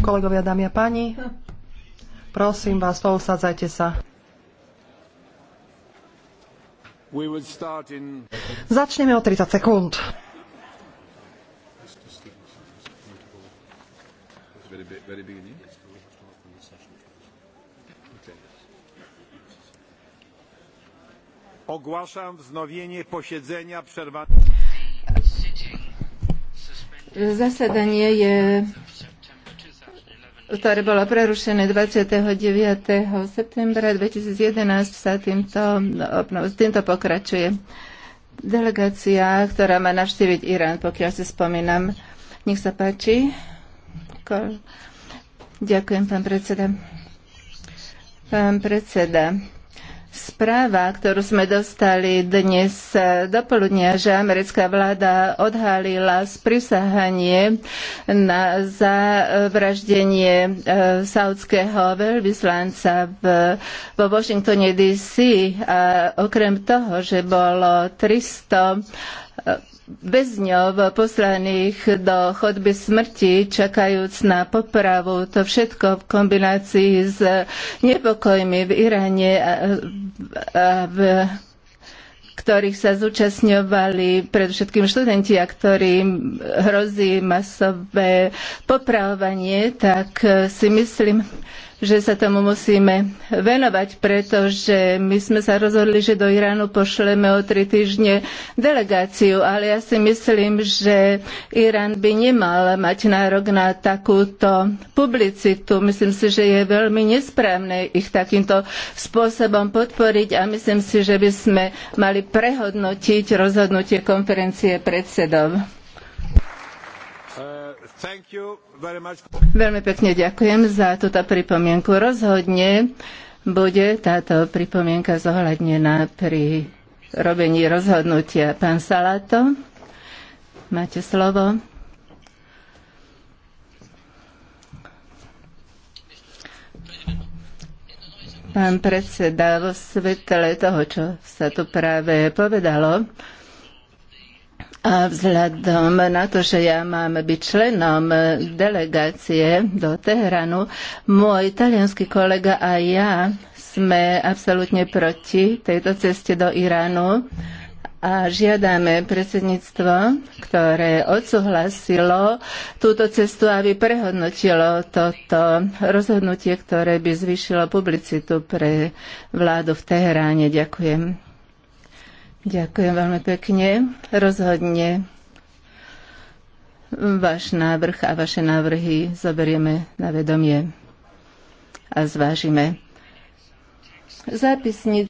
Kolegovia, dámy a páni, prosím vás, pousadzajte sa. Začneme o 30 sekúnd. Ogłaszam wznowienie posiedzenia przerwanego. Zasadanie je ktoré bolo prerušené 29. septembra 2011, sa týmto, no, týmto pokračuje. Delegácia, ktorá má navštíviť Irán, pokiaľ si spomínam. Nech sa páči. Ďakujem, pán predseda. Pán predseda, Správa, ktorú sme dostali dnes e, poludnia, že americká vláda odhalila sprisahanie na zavraždenie e, saudského veľvyslanca v, vo Washingtone DC a okrem toho, že bolo 300 väzňov poslaných do chodby smrti, čakajúc na popravu. To všetko v kombinácii s nepokojmi v Iráne a, v ktorých sa zúčastňovali predovšetkým študenti a ktorým hrozí masové popravovanie, tak si myslím, že sa tomu musíme venovať, pretože my sme sa rozhodli, že do Iránu pošleme o tri týždne delegáciu, ale ja si myslím, že Irán by nemal mať nárok na takúto publicitu. Myslím si, že je veľmi nesprávne ich takýmto spôsobom podporiť a myslím si, že by sme mali prehodnotiť rozhodnutie konferencie predsedov. Veľmi pekne ďakujem za túto pripomienku. Rozhodne bude táto pripomienka zohľadnená pri robení rozhodnutia. Pán Salato, máte slovo. Pán predseda, vo svetle toho, čo sa tu práve povedalo, a vzhľadom na to, že ja mám byť členom delegácie do Teheranu, môj talianský kolega a ja sme absolútne proti tejto ceste do Iránu a žiadame predsedníctvo, ktoré odsúhlasilo túto cestu, aby prehodnotilo toto rozhodnutie, ktoré by zvýšilo publicitu pre vládu v Teheráne. Ďakujem. Ďakujem veľmi pekne. Rozhodne váš návrh a vaše návrhy zoberieme na vedomie a zvážime. Zápisník